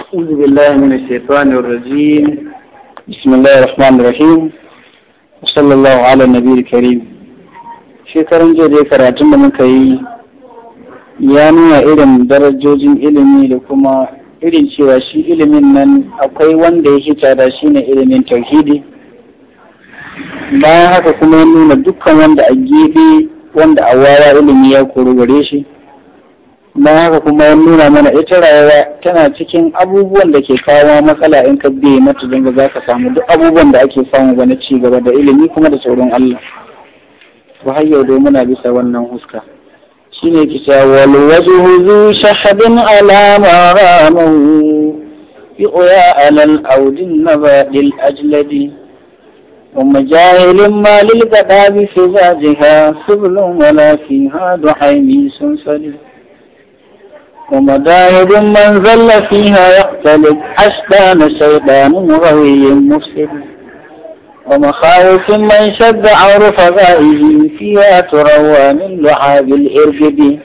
أعوذ بالله من الشيطان الرجيم بسم الله الرحمن الرحيم وصلى الله على shekaran jiya dai karatun da muka yi ya nuna irin darajojin ilimi da kuma irin cewa shi ilimin nan akwai wanda ya hita da shi ne ilimin tauhidi bayan haka kuma ya nuna dukkan wanda a gefe wanda a wawa ilimi ya kori gare shi don haka kuma ya nuna mana ita rayuwa tana cikin abubuwan da ke kawo matsala in ka biye mata don za ka samu duk abubuwan da ake samu ga na ci gaba da ilimi kuma da tsoron Allah ba hayya yau muna bisa wannan huska shine ki ta wal wajhu zu shahadin ala maramu bi uya alal audin nabadil ajladi ومجاهل ما للقدام في زاجها سبل ولا فيها sun سنسلي ومدائد من ذل فيها يختلف حسبان شيطان غوي مفسد ومخايف من شد عور فغائه فيها تروى من لحاب الإرجب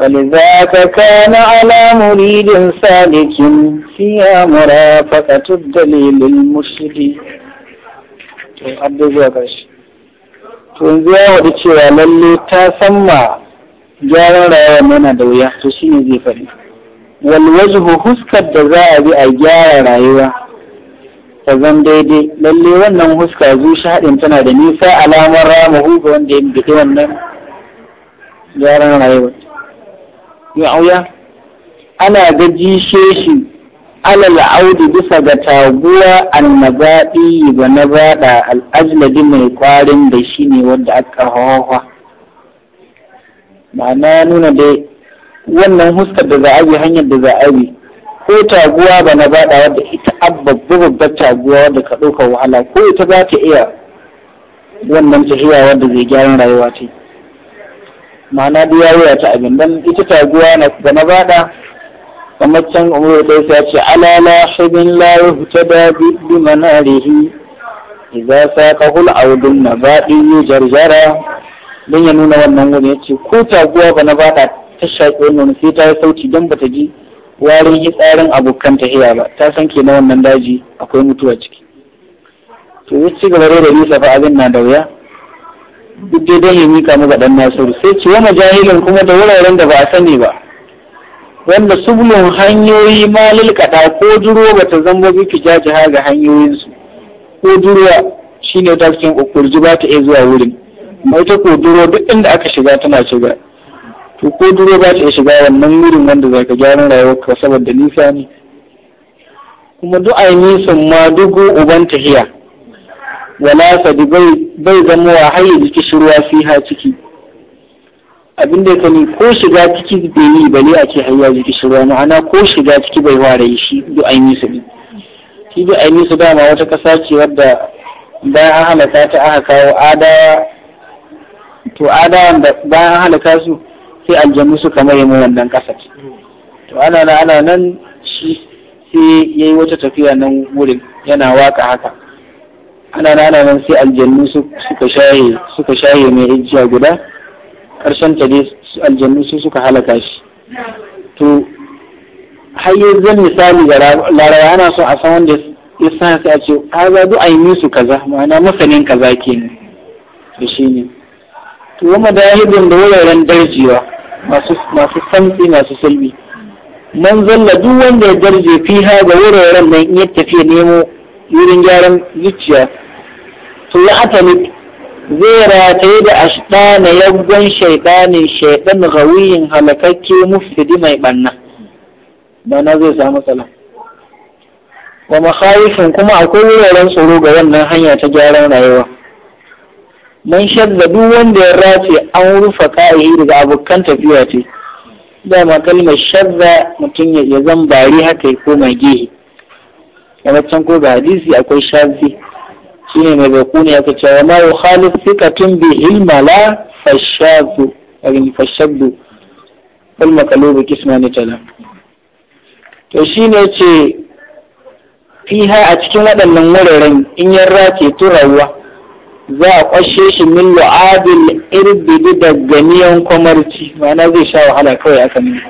ولذاك كان على مريد سالك فيها مرافقة الدليل المرشد عبد abin zuwa ƙarshe to yanzu ya gyaran rayuwar yana da wuya to shi ne zai faɗi wal wajhu huskar da za a bi a gyara rayuwa ta zan daidai lalle wannan huska zuci haɗin tana da nisa alamar rama, ga wanda ya bi wannan gyaran rayuwa ya'uya ana gaji sheshi alal audi bisa ga taguwa annabaɗi ga nabaɗa al'ajladi mai kwarin da shi ne wanda aka hawa ma'ana ya nuna dai wannan huskar da za a yi hanyar da za a yi ko taguwa ba na bada wadda ita babba babbar taguwa wadda ka ɗauka wahala ko ita za ta iya wannan tafiya wadda zai gyaran rayuwa ce ma'ana duk ya wuya ta abin dan ita taguwa na ga na bada kamar can umaru ɗaya ya ce alala hibin layu ta da bi manarihi a saqahu na baɗi yi jarjara don ya nuna wannan wani ya ce ko taguwa ba na ba ta ta shaƙi wannan sai ta yi sauti don ba ta ji warin yi tsarin abokan hiya ba ta san ke na wannan daji akwai mutuwa ciki to ya ci gaba da nisa fa abin na da wuya duk dai don ya mika mu ga dan nasiru sai ce wani majahilin kuma da wuraren da ba a sani ba wanda sublun hanyoyi ma lilkada ko duruwa ba ta zama bi jajaha ga hanyoyinsu ko duruwa shine ta cikin kokurji ba ta iya zuwa wurin mai ta koduro duk inda aka shiga tana shiga to koduro ba ta shiga wannan wurin wanda zaka rayuwar rayuwa saboda nisa ne kuma duk ai nisan ma dugu uban tahiya wala sa bai bai zama wa hayi jiki shirwa fiha ciki abin da ka ko shiga ciki bai yi bale a ce hayya jiki shirwa ma'ana ko shiga ciki bai ware shi duk ai nisa ne shi duk ai nisa dama wata kasa ce wadda bayan an halaka ta aka kawo ada to adawan da bayan halaka su sai aljanu su kamar mu wannan kasar to ana nan ana nan shi sai yayi wata tafiya nan wurin yana waka haka ana nan ana nan sai su suka shaye suka shaye mai rijiya guda karshen ta dai aljanu su suka halaka shi to har yanzu zan misali ga larawa ana so a san wanda ya sa sai a ce a za a yi musu kaza ma'ana masanin kaza kenan da shi ne wa madahibin da wuraren darjewa masu santsi masu sulbi man zalla duk wanda ya darje fiha ga wuraren nan in ya tafiya nemo wurin gyaran zuciya to ya atalik zai rataye da ashda na yaggon shaidanin shaidan gawiyin halakakke mufsidi mai banna bana zai samu matsala wa makhayifin kuma akwai wuraren tsoro ga wannan hanya ta gyaran rayuwa man shadda duk wanda ya race an rufa kayayi daga abokan tafiya ce dama kalmar shadda mutum ya zan bari haka ko koma gehe a wancan, ko ga hadisi akwai shazi ne mai baku ne aka cewa ma wa khalif sikatun bi hilmala fashadu. arin fashadu kalmar kisma ne tala to shi ne ce fiha a cikin waɗannan wuraren in ya race to rayuwa za a kwashe shi min lu'adil irbidi da ganiyan kwamarci ma'ana zai sha wahala kawai aka ne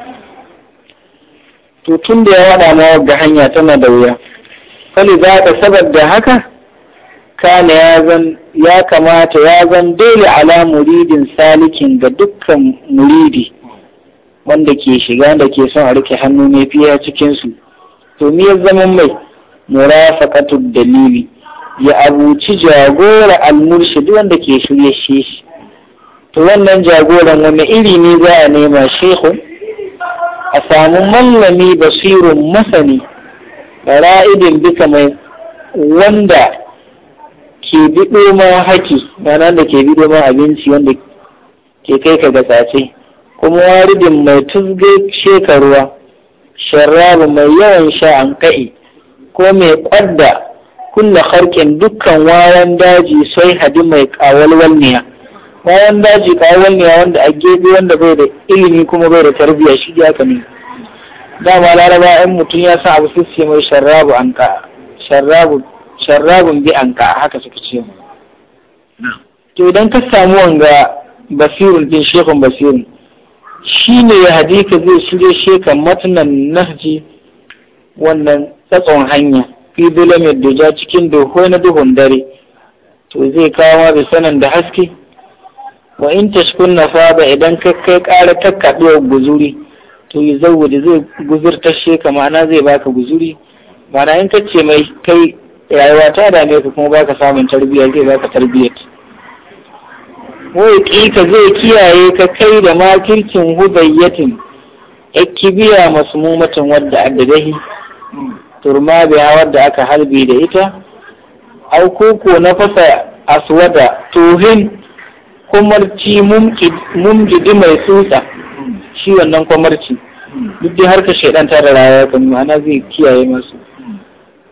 to da ya wada ma ga hanya tana da wuya fali za ka da haka kana ya zan ya kamata ya zan dole ala muridin salikin ga dukkan muridi wanda ke shiga da ke son a rike hannu mai fiya cikinsu to me ya zama mai murafaqatu dalili ya abuci jagora al-murshid wanda ke shirye shi to wannan jagoran wani iri ne za a nema shehu a samu mallami basirun masani ra'idin duka mai wanda ke biɗo ma haki mana da ke biɗo ma abinci wanda ke kai ka ga sace kuma waridin mai tuzge shekaruwa sharabu mai yawan sha an ko mai kwadda kunna harkin dukkan wayan daji sai hadi mai kawalwalniya wayan daji kawalwalniya wanda a gebe wanda bai da ilimi kuma bai da tarbiyya shi ya kame dama laraba in mutum ya sa abu sai mai sharrabu an ka sharrabu sharrabun bi an ka haka suka ce mu to idan ka samu wanga basirun din shekun basirun shi ne ya hadika zai shirye shekan matunan nahji wannan tsatson hanya fi mai duja cikin duhu na duhun dare to zai kawo bi sanan da haske wa in na saba idan ka kai ƙara takkaɗuwar guzuri to yi zawwadi zai guzurta she ka ma'ana zai baka guzuri ma'ana in ka ce mai kai rayuwa ta dame ka kuma baka samun tarbiyya zai baka tarbiyyar wai ka zai kiyaye ka kai da makirkin hubayyatin ya kibiya masu mumatin wadda addabahi turma biya wadda aka halbi da ita au kuku na fasa aswada tuhin kwamarci mumjidi mai tsutsa shi wannan kwamarci duk dai harka shaidan ta da kan ma'ana zai kiyaye masu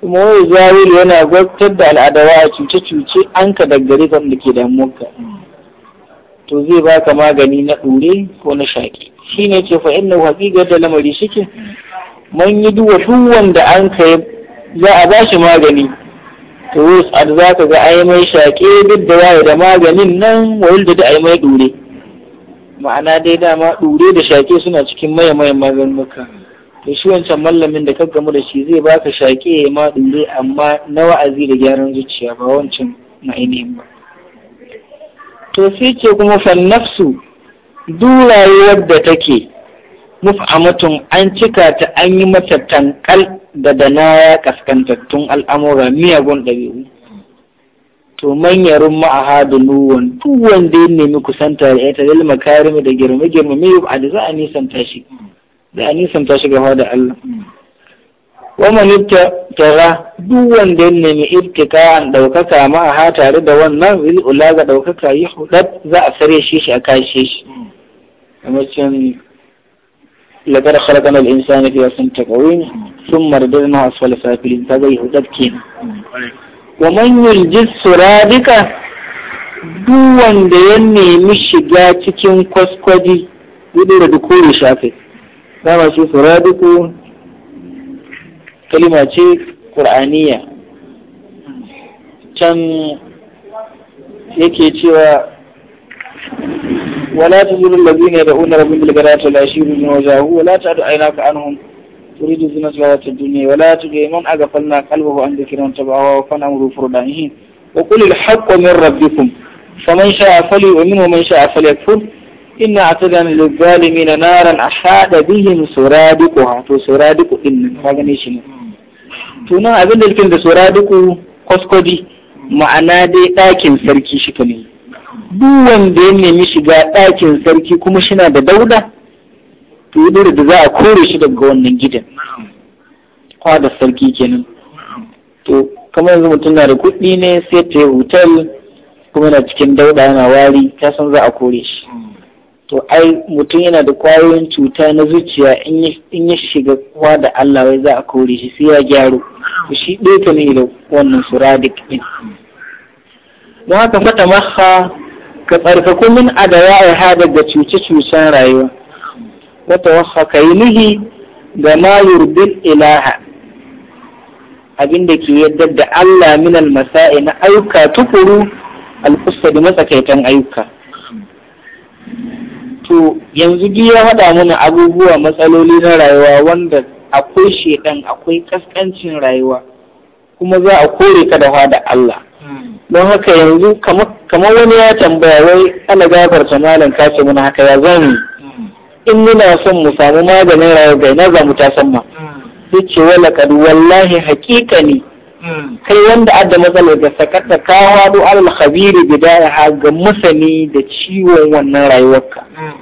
kuma wani jawil yana gwabtar da al'adawa a cuce-cuce an ka daggare kan da ke damuwarka to zai baka magani na ɗure ko na shaƙi shi ne ce fa inna haƙiƙar da lamari shike man yi duwa duk wanda an kai za a ba shi magani turus ad za ka ga ai mai shaƙe duk da waye da maganin nan wayil da ai mai dure ma'ana dai dama dure da shaƙe suna cikin maye maye maganuka to shi wancan mallamin da ka gamu da shi zai baka shaƙe ma dure amma na wa'azi da gyaran zuciya ba wancan na ainihin ba to sai ce kuma fannafsu duk rayuwar da take muf'amatun an cika ta an yi mata tankal da danaya kaskantattun al'amura miyagun ɗabi'u to manyarun a da nuwan duk wanda ya nemi kusanta da ita lil mu da girma girma mai yi da za a nisanta shi za a nisanta shi gaba da Allah wa ta tara duk wanda ya nemi ibtika an daukaka ma'aha tare da wannan lil ula ga ɗaukaka yi hudat za a sare shi shi a kashe shi kamar لقد خلقنا الإنسان في أحسن تقويم ثم رددناه أسفل سافلين تبيه تبكين ومن يلجس سرادك duk wanda ya nemi shiga cikin kwaskwadi gudu da duku ya shafe dama shi suraduku kalima ce ƙur'aniya can yake cewa ولا تزل الذين يدعون ربهم بالغداة والعشي من وجهه ولا تعد عيناك عنهم تريد زنة الحياة الدنيا ولا تجي من أغفلنا قلبه عن ذكر واتبع هواه وكان أمره فردا وقل الحق من ربكم فمن شاء فلي ومن ومن شاء فليكفر إن أعتدنا للظالمين نارا أحاد بهم سرادقها تو سرادق إن هذا شنو tuna abin da da suradiku kwaskwabi ma'ana dai ɗakin sarki duk wanda ya nemi shiga ɗakin sarki kuma shina da dauda to yi da za a kore shi daga wannan gidan da sarki kenan to kamar yanzu mutum na da kuɗi ne sai ta yi hotel kuma yana cikin dauda yana wari ta san za a kore shi to ai mutum yana da kwayoyin cuta na zuciya in ya shiga kwa da Allah wai za a kore shi sai ya gyaro to shi ɗaya ne da wannan suradik ɗin. don haka fata maha ka tsarkaku min a da hada daga cuce-cucen rayuwa wata wasa ka yi nuhi ga ma yurbin ilaha abin da ke yadda da Allah min almasa'i na ayyuka tukuru alƙusta da matsakaitan ayyuka to yanzu ya haɗa mana abubuwa matsaloli na rayuwa wanda akwai shedan akwai kaskancin rayuwa kuma za a kore ka da da Allah don haka yanzu kamar wani ya tambaya wai ana gafarta malam ka mana haka ya zan in muna son mu samu maganin rayuwar na za mu ta san ma yace wala kad wallahi hakika ne hmm. kai wanda adda matsalar da sakata ka wado alal khabiri bidaya ga masani da ciwon wannan rayuwarka hmm.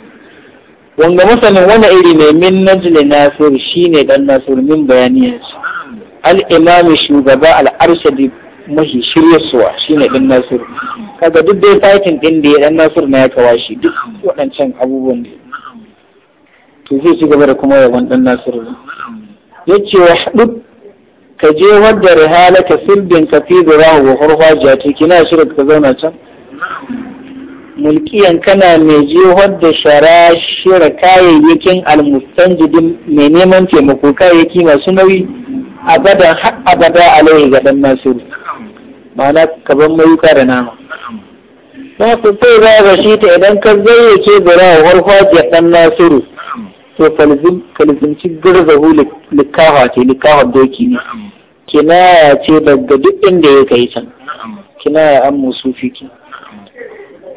Wanda masanin wani iri ne min najli nasir shine dan nasir min bayaniyar hmm. al imami shugaba al arshadi mahi shiryarsuwa shi ne ɗan nasir kaga duk dai fakin ɗin da ya ɗan nasir na ya kawa shi duk waɗancan abubuwan to zai ci gaba da kuma yaban ɗan nasir ya ce wa haɗu ka je wadda rihala ka sirbin ka fi da rahu wa a to kina shirin ka zauna can mulkiyan kana mai je wadda shara shira kayayyakin almustanjidin mai neman taimako kayayyaki masu nauyi abada har abada alaihi ga ɗan nasiru ma'ana kaban mayuka da nama na ku sai za ga shi ta idan ka zayyace bira wa warfajiyar ɗan nasiru to kalzimci garzahu likawa ce likawar doki ne kinaya ce daga duk inda ya kai can kinaya an musu fiki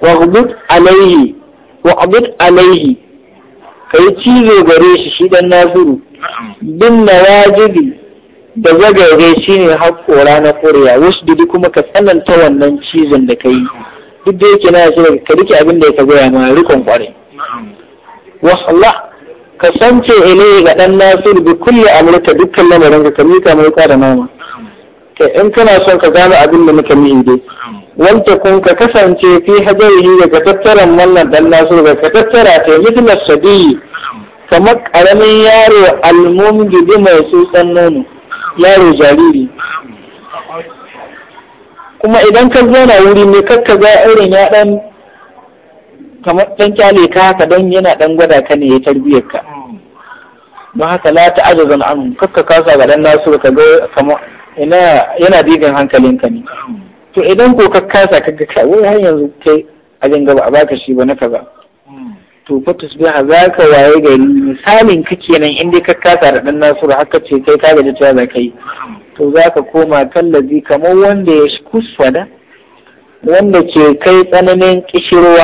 waqbut alaihi waqbut alaihi kai cizo gare shi shi ɗan nasiru bin na wajibi. da zagaye shine haƙora na ƙuriya wasu dudu kuma ka tsananta wannan cizon da ka yi duk da yake na yace ka rike abin da ya tagoya ma rikon ƙwarai Wahala! ka san ce ilai ga ɗan nasiru bi kulle amurka dukkan lamarin ka ka mai da nama in kana son ka gano abin da muka mihi dai wanda kun ka kasance fi hajarihi daga tattaran wannan dan nasiru daga tattara ta mitlas sadiyi kamar ƙaramin yaro gidi mai tsutsan nono yaro jariri kuma idan ka zauna wuri ne kakka ga irin ya dan kamar dan kyale ka haka dan yana ɗan gwada ka ne ya tarbiyar ka don haka la ta ajazan an kakka kasa ga dan nasu ka ga kamar ina yana digan hankalinka ne to idan ko ka kasa ka ga kai wai har yanzu kai abin gaba a baka shi ba na kaza to fa tusbiha zaka waye gari misalin ka kenan in dai ka kasa da dan nasuru haka ce kai ka gaji cewa zaka yi to zaka koma kallazi kamar wanda ya kuswada wanda ke kai tsananin kishirwa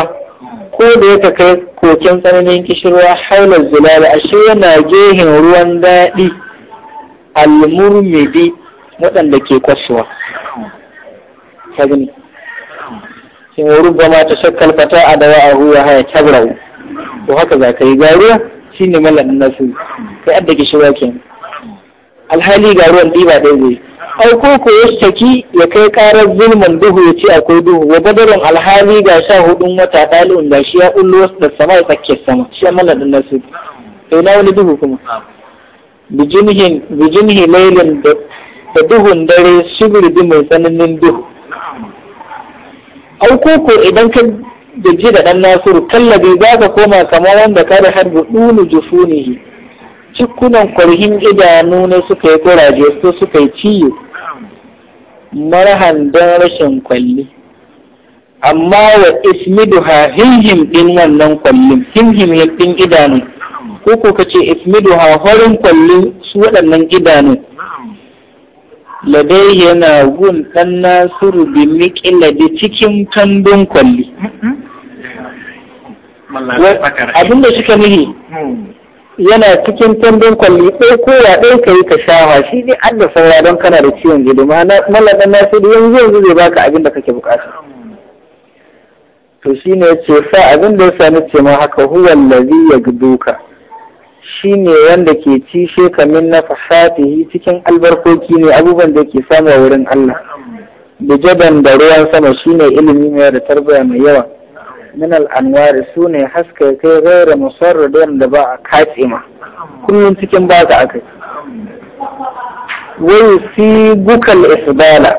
ko da yake kai koken tsananin kishirwa haula zulala ashe yana gehen ruwan daɗi almurmidi waɗanda ke kwasuwa ta gani wuri gama ta shakkal fata a dawa a ruwa haya tabrau to haka za ka yi garuwa shi ne malam nasu kai adda ki shiga kin alhali garuwan ba ɗaya zai ai ko ko ya saki ya kai karar zulmin duhu ya ce akwai duhu wa badarin alhali ga sha hudun wata ɗalibin da shi ya ullo wasu da sama ya tsakiyar sama shi malam nasu to na wani duhu kuma bijinhi lailin da duhun dare shigirbi mai tsananin duhu Aukoko ko idan ka da ji da ɗan nasiru kallabi za ka koma kama wanda kada har buɗunu jufunihi cikunan kwarhin idanu ne suka yi ƙuraje su suka yi ciyo marahan don rashin kwalli amma wa ismiduha himhim ɗin wannan kwallin himhim ɗin idanu ko ko ka ce ismiduha horin kwallin su waɗannan idanu ladai yana gun ɗan nasiru bi miƙila da cikin kandun kwalli abinda suka nihi yana cikin tambin kwalli ɗaya ko ya ɗaya ka yi ka shafa shi ne an saura don kana da ciwon gidi na nasiru yanzu yanzu zai baka abin da kake bukata to shi ne ya ce sa abin da ya sami ce ma haka huwan lazi ya duka shi ne wanda ke cishe kamin na fasatihi cikin albarkoki ne abubuwan da ke samu wurin Allah. jaban da ruwan sama shi ne ilimi mai da tarbiyya mai yawa. min al'anwari su ne haske kai gaira musarradin da ba a ma. kullum cikin baka aka wai si guka isbala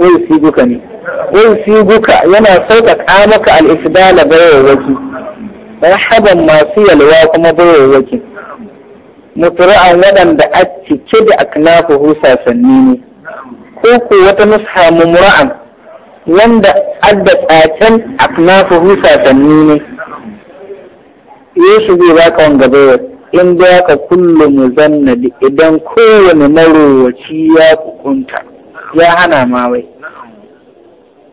wai si guka ne wai si guka yana sauƙaƙa maka al'isbala bayarwaki marhaban masu yalwa kuma bayarwaki mutura'an waɗanda a cike da aknafu sasanni ne ko ko wata nusha mumura'an wanda adda tsacen husa sasanni ne yesu zai baka wanga baiwar in da ka kullu muzannadi idan kowane marowaci ya kukunta ya hana ma wai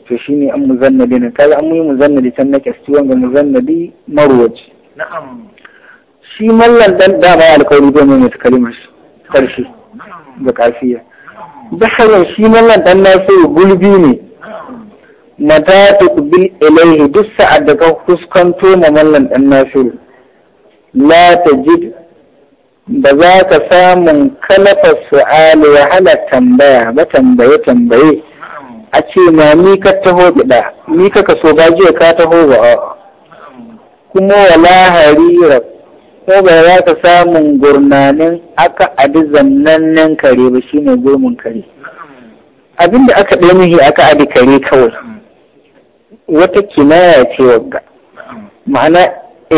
to shi ne an mu da ne kaza an yi da can na kyasti wanga da marowaci shi mallan dan dama alƙawari bai mai mata kalimar karshe da kafiya da shi mallan dan na so gulbi ne mata ta kubil ilaihi duk sa'ad da ka fuskanto na mallan dan nafilu la tajid ba za ka samun kalafar su'ali wahalar tambaya ba tambaye tambaye a ce ma ni ka taho gida ni ka so ba jiya ka taho ba kuma wala harira ko ba za ka samun gurnanin aka adi zannannen kare ba shine gurmin kare abinda aka ɗaya mihi aka adi kare kawai wata kimaya ce wagga ma'ana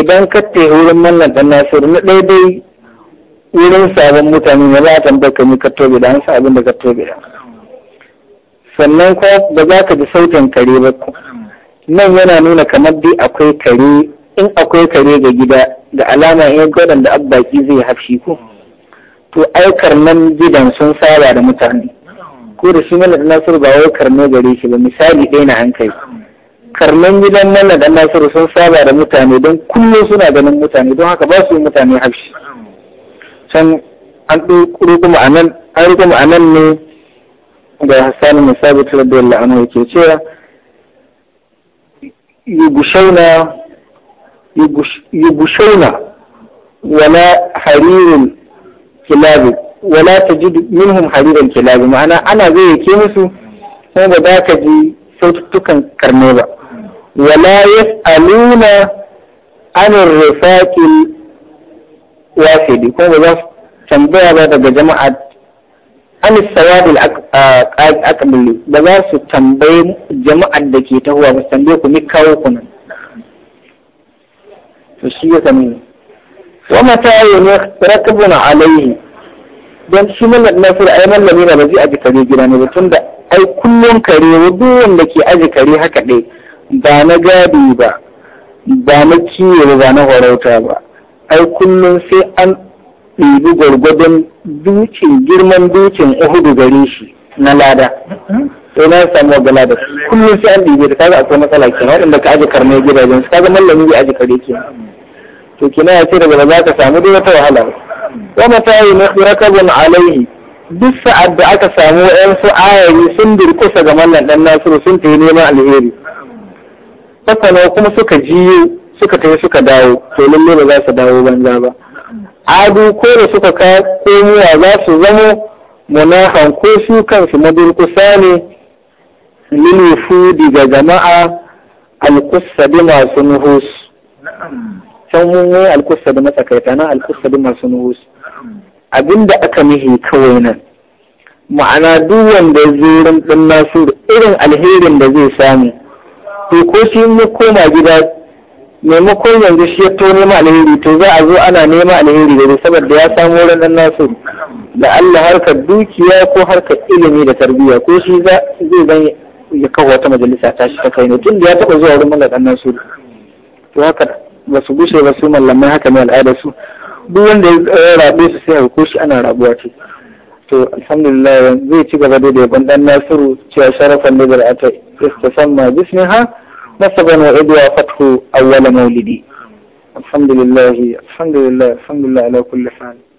idan ka te wurin mallan dan nasiru na ɗaya dai wurin sabon mutane na za a tambayar ka ka tobe da an abin da ka tobe sannan ko ba za ka ji sautin kare ba ku nan yana nuna kamar dai akwai kare in akwai kare ga gida da alama in gwadon da abbaki zai hafshi ku to aikar nan gidan sun saba da mutane ko da shi mallan nasiru ba wai karne gare shi ba misali ɗaya na hankali karnan gidan nan da Nasiru sun saba da mutane don kullum suna ganin mutane don haka ba su yi mutane hafshi can an ɗauko ma'anan an riko ne da Hassan Musabi radiyallahu anhu yake cewa yugushauna yugushauna wala haririn kilabi wala ta ji minhum haririn kilabi ma'ana ana zai yake musu kuma ba za ka ji saututtukan karne ba ولا يسألون عن الرفاق الواحد كون بزاف تنبيه بعد جماعة عن السواد الأقبل بزاف تنبيه جماعة دكي تهوى بس تنبيه مكاو كنا فشي كمين ومتى ينخ ركبنا عليه don shi mallafin ai mallami ne ba zai aji kare gida ne ba tunda ai kullum kare duk wanda ke aji kare haka dai ba na gadi ba ba na kiwo ba na horauta ba ai kullum sai an ɗibi gwargwadon dukin girman dukin uhudu gare shi na lada sai na samu ga lada kullum sai an ɗibi da kaga akwai matsala ke waɗanda ka aji karne gidajen su kaga mallami bai aji kare ke to ki ya ce daga za ka samu duk wata wahala wa mata yi na rakabun alaihi duk sa'ad da aka samu 'yan su ayayi sun durkusa ga mallan ɗan nasiru sun tafi neman alheri sakwano kuma suka ji suka kai suka dawo to lallai ba za su dawo banza ba adu ko da suka ka komowa za su zamo munahan ko su kansu madurkusa ne lilifu daga jama'a alkusa bi masu nuhus can mun yi alkussa da matsakaita na alkusa bi masu nuhus abinda aka mihi kawai nan ma'ana duk wanda zirin ɗin Nasiru, irin alherin da zai samu to ko shi mu koma gida maimakon yanzu shi ya to nema alheri to za a zo ana nema alheri da saboda ya samu wurin nan nasu da Allah harkar dukiya ko harkar ilimi da tarbiyya ko shi za zai zan ya kawo wata majalisa ta shi ta kai ne tun da ya taba zuwa wurin mallakan nan su to haka ba su gushe ba su mallamai haka mai al'ada su duk wanda ya rabe su sai ko shi ana rabuwa ce to alhamdulillah zai ci gaba da yabon dan nasiru cewa sharafan da ta istasamma bismiha نسبا وإبوى فتح أول مولدي الحمد لله الحمد لله الحمد لله على كل حال